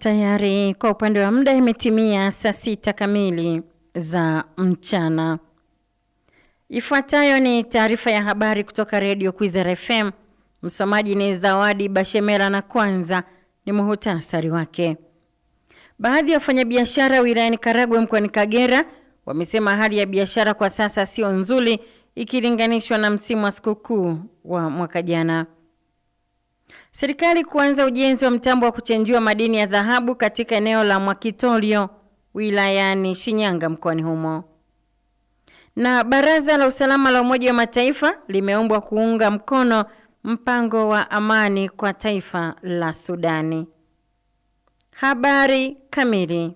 Tayari kwa upande wa muda imetimia saa sita kamili za mchana. Ifuatayo ni taarifa ya habari kutoka Redio Kwizera FM. Msomaji ni Zawadi Bashemera na kwanza ni muhutasari wake. Baadhi ya wafanyabiashara wilayani Karagwe mkoani Kagera wamesema hali ya biashara kwa sasa sio nzuri ikilinganishwa na msimu wa sikukuu wa mwaka jana. Serikali kuanza ujenzi wa mtambo wa kuchenjua madini ya dhahabu katika eneo la Mwakitolio wilayani Shinyanga mkoani humo. Na Baraza la Usalama la Umoja wa Mataifa limeombwa kuunga mkono mpango wa amani kwa taifa la Sudani. Habari kamili.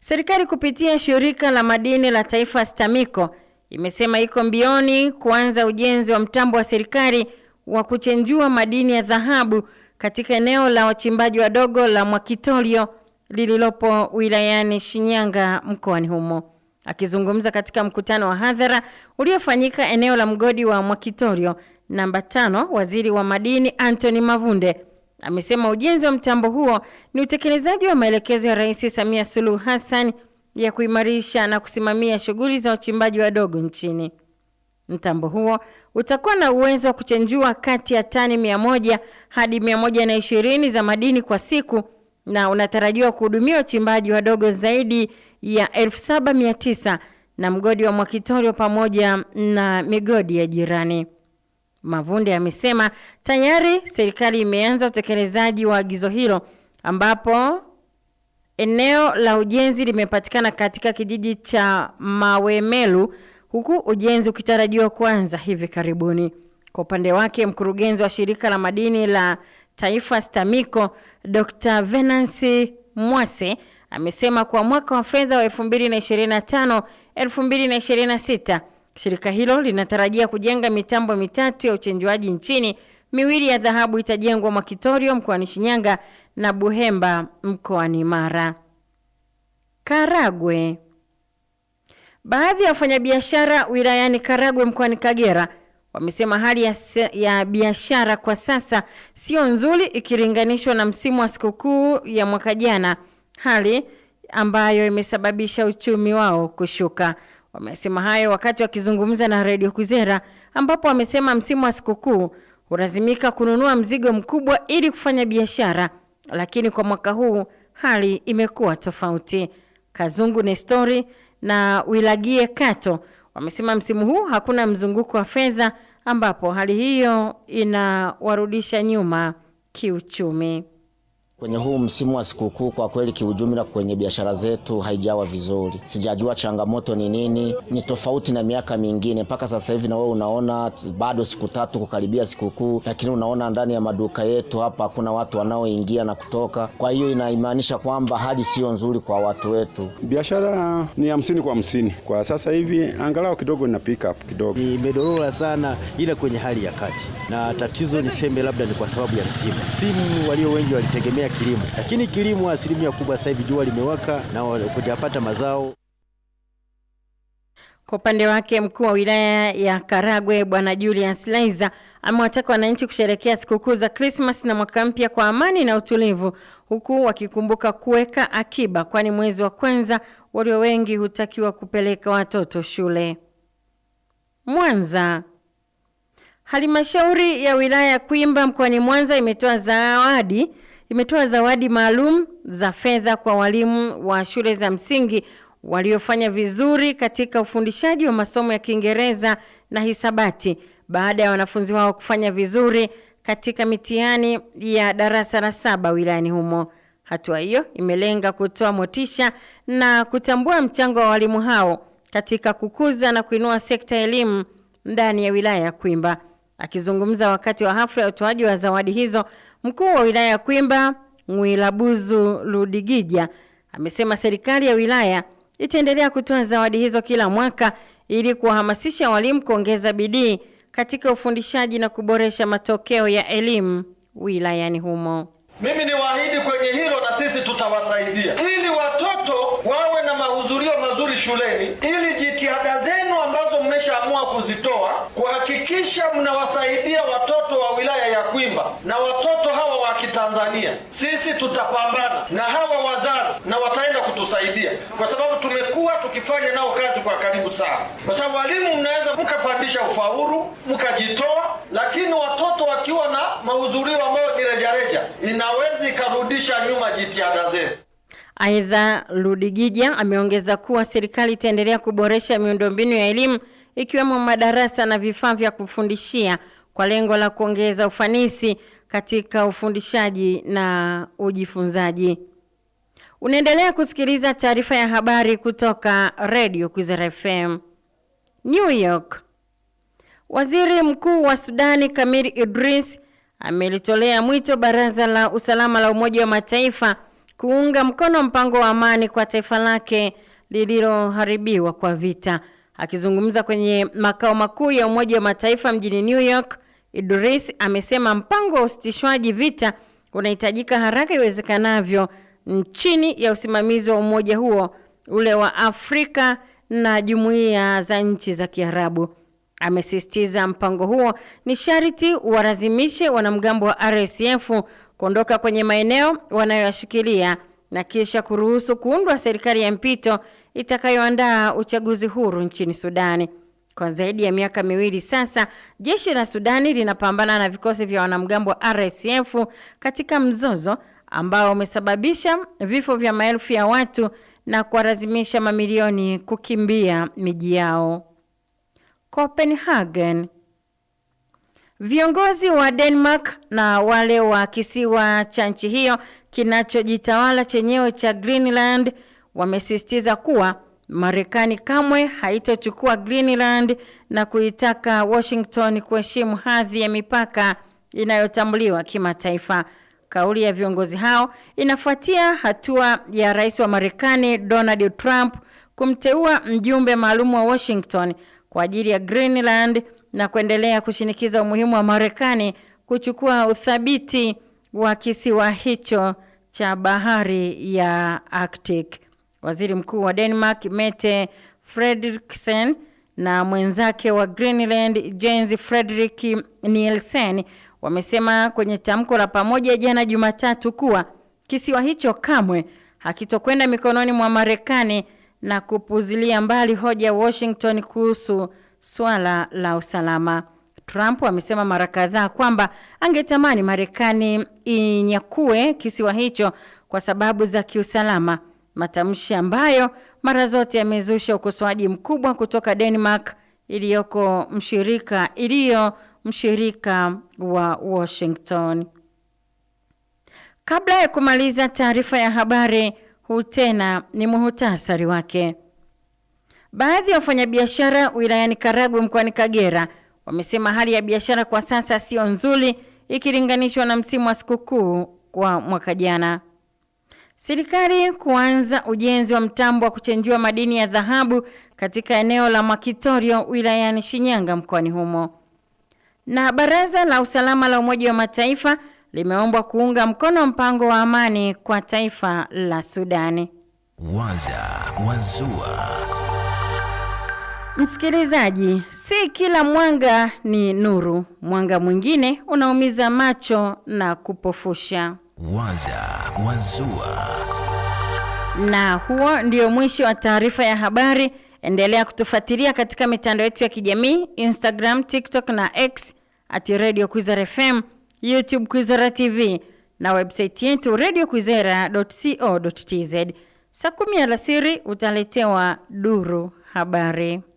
Serikali kupitia shirika la madini la taifa STAMICO imesema iko mbioni kuanza ujenzi wa mtambo wa serikali wa kuchenjua madini ya dhahabu katika eneo la wachimbaji wadogo la Mwakitorio lililopo wilayani Shinyanga mkoani humo. Akizungumza katika mkutano wa hadhara uliofanyika eneo la mgodi wa Mwakitorio namba tano, waziri wa madini Anthony Mavunde amesema ujenzi wa mtambo huo ni utekelezaji wa maelekezo ya Rais Samia Suluhu Hassan ya kuimarisha na kusimamia shughuli za wachimbaji wadogo nchini. Mtambo huo utakuwa na uwezo wa kuchenjua kati ya tani moja hadi ishirini za madini kwa siku na unatarajiwa kuhudumia wachimbaji wadogo zaidi ya tisa na mgodi wa Mwakitorio pamoja na migodi ya jirani. Mavunde amesema tayari serikali imeanza utekelezaji wa agizo hilo ambapo eneo la ujenzi limepatikana katika kijiji cha Mawemelu huku ujenzi ukitarajiwa kuanza hivi karibuni. Kwa upande wake, mkurugenzi wa shirika la madini la taifa STAMICO, Dr. Venance Mwase amesema kwa mwaka wa fedha wa 2025 2026 shirika hilo linatarajia kujenga mitambo mitatu ya uchenjuaji nchini. Miwili ya dhahabu itajengwa Mwakitorio mkoani Shinyanga na Buhemba mkoani Mara. Karagwe Baadhi ya wafanyabiashara wilayani Karagwe mkoani Kagera wamesema hali ya, ya biashara kwa sasa sio nzuri ikilinganishwa na msimu wa sikukuu ya mwaka jana, hali ambayo imesababisha uchumi wao kushuka. Wamesema hayo wakati wakizungumza na redio Kwizera, ambapo wamesema msimu wa sikukuu hulazimika kununua mzigo mkubwa ili kufanya biashara, lakini kwa mwaka huu hali imekuwa tofauti. Kazungu Nestori na Wilagie Kato wamesema msimu huu hakuna mzunguko wa fedha ambapo hali hiyo inawarudisha nyuma kiuchumi. Kwenye huu msimu wa sikukuu kwa kweli, kiujumla kwenye biashara zetu haijawa vizuri. Sijajua changamoto ni nini, ni tofauti na miaka mingine. Mpaka sasa hivi na wewe unaona bado siku tatu kukaribia sikukuu, lakini unaona ndani ya maduka yetu hapa hakuna watu wanaoingia na kutoka. Kwa hiyo inaimaanisha kwamba hali siyo nzuri kwa watu wetu. Biashara ni hamsini kwa hamsini kwa sasa hivi, angalau kidogo ina kidogo, imedorora sana, ila kwenye hali ya kati, na tatizo niseme labda ni kwa sababu ya msimu. Msimu walio wengi walitegemea kilimo, lakini kilimo asilimia kubwa sasa hivi jua limewaka na kujapata mazao. Kwa upande wake mkuu wa wilaya ya Karagwe Bwana Julius Laiza amewataka wananchi kusherekea sikukuu za Krismas na mwaka mpya kwa amani na utulivu, huku wakikumbuka kuweka akiba, kwani mwezi wa kwanza walio wengi hutakiwa kupeleka watoto shule. Mwanza. Halmashauri ya wilaya ya Kwimba mkoani Mwanza imetoa zawadi imetoa zawadi maalum za fedha kwa walimu wa shule za msingi waliofanya vizuri katika ufundishaji wa masomo ya Kiingereza na hisabati baada ya wanafunzi wao kufanya vizuri katika mitihani ya darasa la saba wilayani humo. Hatua hiyo imelenga kutoa motisha na kutambua mchango wa walimu hao katika kukuza na kuinua sekta ya elimu ndani ya wilaya ya Kwimba. Akizungumza wakati wa hafla ya utoaji wa zawadi hizo, Mkuu wa wilaya ya Kwimba Mwilabuzu Ludigija amesema serikali ya wilaya itaendelea kutoa zawadi hizo kila mwaka ili kuwahamasisha walimu kuongeza bidii katika ufundishaji na kuboresha matokeo ya elimu wilayani humo. Mimi niwaahidi kwenye hilo, na sisi tutawasaidia ili watoto wawe na mahudhurio mazuri shuleni, ili jitihada zenu ambazo mmeshaamua kuzitoa kwa kisha mnawasaidia watoto wa wilaya ya Kwimba na watoto hawa wa Kitanzania. Sisi tutapambana na hawa wazazi na wataenda kutusaidia, kwa sababu tumekuwa tukifanya nao kazi kwa karibu sana, kwa sababu walimu mnaweza mkapandisha ufaulu mkajitoa, lakini watoto wakiwa na mahudhurio ambayo ni rejareja, inaweza ikarudisha nyuma jitihada zetu. Aidha, Ludigija ameongeza kuwa serikali itaendelea kuboresha miundombinu ya elimu ikiwemo madarasa na vifaa vya kufundishia kwa lengo la kuongeza ufanisi katika ufundishaji na ujifunzaji. Unaendelea kusikiliza taarifa ya habari kutoka Radio Kwizera FM. New York. Waziri Mkuu wa Sudani Kamil Idris amelitolea mwito Baraza la Usalama la Umoja wa Mataifa kuunga mkono mpango wa amani kwa taifa lake lililoharibiwa kwa vita. Akizungumza kwenye makao makuu ya Umoja wa Mataifa mjini New York, Idris amesema mpango wa usitishwaji vita unahitajika haraka iwezekanavyo chini ya usimamizi wa umoja huo, ule wa Afrika na jumuiya za nchi za Kiarabu. Amesisitiza mpango huo ni sharti uwarazimishe wanamgambo wa RSF kuondoka kwenye maeneo wanayoyashikilia na kisha kuruhusu kuundwa serikali ya mpito itakayoandaa uchaguzi huru nchini Sudani. Kwa zaidi ya miaka miwili sasa, jeshi la Sudani linapambana na vikosi vya wanamgambo wa RSF katika mzozo ambao umesababisha vifo vya maelfu ya watu na kuwalazimisha mamilioni kukimbia miji yao. Copenhagen. Viongozi wa Denmark na wale wa kisiwa cha nchi hiyo kinachojitawala chenyewe cha Greenland wamesisitiza kuwa Marekani kamwe haitochukua Greenland na kuitaka Washington kuheshimu hadhi ya mipaka inayotambuliwa kimataifa. Kauli ya viongozi hao inafuatia hatua ya Rais wa Marekani Donald Trump kumteua mjumbe maalum wa Washington kwa ajili ya Greenland na kuendelea kushinikiza umuhimu wa Marekani kuchukua uthabiti wa kisiwa hicho cha bahari ya Arctic. Waziri Mkuu wa Denmark Mette Frederiksen na mwenzake wa Greenland Jens Frederik Nielsen wamesema kwenye tamko la pamoja jana Jumatatu kuwa kisiwa hicho kamwe hakitokwenda mikononi mwa Marekani na kupuzilia mbali hoja Washington kuhusu swala la usalama. Trump amesema mara kadhaa kwamba angetamani Marekani inyakue kisiwa hicho kwa sababu za kiusalama matamshi ambayo mara zote yamezusha ukosoaji mkubwa kutoka Denmark iliyoko mshirika iliyo mshirika wa Washington. Kabla ya kumaliza taarifa ya habari, huu tena ni muhutasari wake. Baadhi ya wafanyabiashara wilayani Karagwe mkoani Kagera wamesema hali ya biashara kwa sasa siyo nzuri ikilinganishwa na msimu wa sikukuu kwa mwaka jana. Serikali kuanza ujenzi wa mtambo wa kuchenjua madini ya dhahabu katika eneo la Mwakitorio wilayani Shinyanga mkoani humo. Na Baraza la Usalama la Umoja wa Mataifa limeombwa kuunga mkono mpango wa amani kwa taifa la Sudani. Waza Wazua. Msikilizaji, si kila mwanga ni nuru. Mwanga mwingine unaumiza macho na kupofusha. Waza Wazua. Na huo ndio mwisho wa taarifa ya habari. Endelea kutufuatilia katika mitandao yetu ya kijamii Instagram, TikTok na X at Radio Kwizera FM, YouTube Kwizera TV na website yetu radiokwizera.co.tz. Saa kumi alasiri utaletewa duru habari.